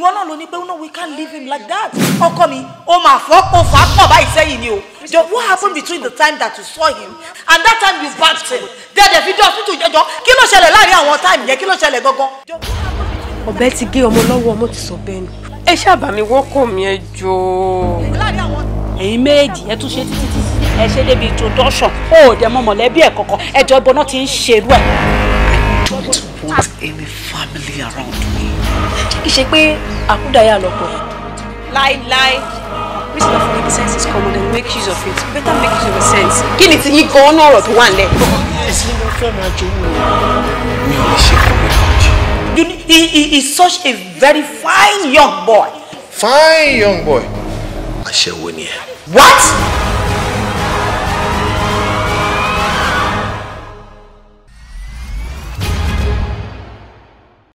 ìwọ náà ló ní pé oh, no we can't leave him like that ọkọ mi ó máa fọ́pọ̀ fàápọ̀ báyìí sẹ́yìn ni o jọ what happened between the time that you saw him and that time you bagged him dẹ́dẹ̀ fi dé hospital jẹjọ kí ló ṣẹlẹ̀ láàrin àwọn táìmù yẹn kí ló ṣẹlẹ̀ gangan. ọ̀bẹ ti gé ọmọ lọ́wọ́ ọmọ ti sọ bẹ́ẹ̀ ni ẹ ṣáàbà mi wọ́kọ̀ mi ẹ jọ. ẹ̀yin méjì ẹ tún ṣe títí títí ẹ ṣe débi introduction ó ò dẹ mọ mọ̀lẹ́bí ẹ̀ kọ̀ọ̀kan ẹjọ́ ìbọn náà ti ń ṣerú ẹ̀. I don't want any family around me ṣe pé àkúdàáyà lọ́pọ̀. láíláí reason of making sense is common and make use of it better make use of the sense. kí ni ti yín gan-an náà ọ̀rọ̀ tó wà nílẹ̀. mi ò lè ṣe fún mi lọ́jọ́. you he is such a very fine young boy. fine young boy. aṣẹ́wó ni ẹ. what?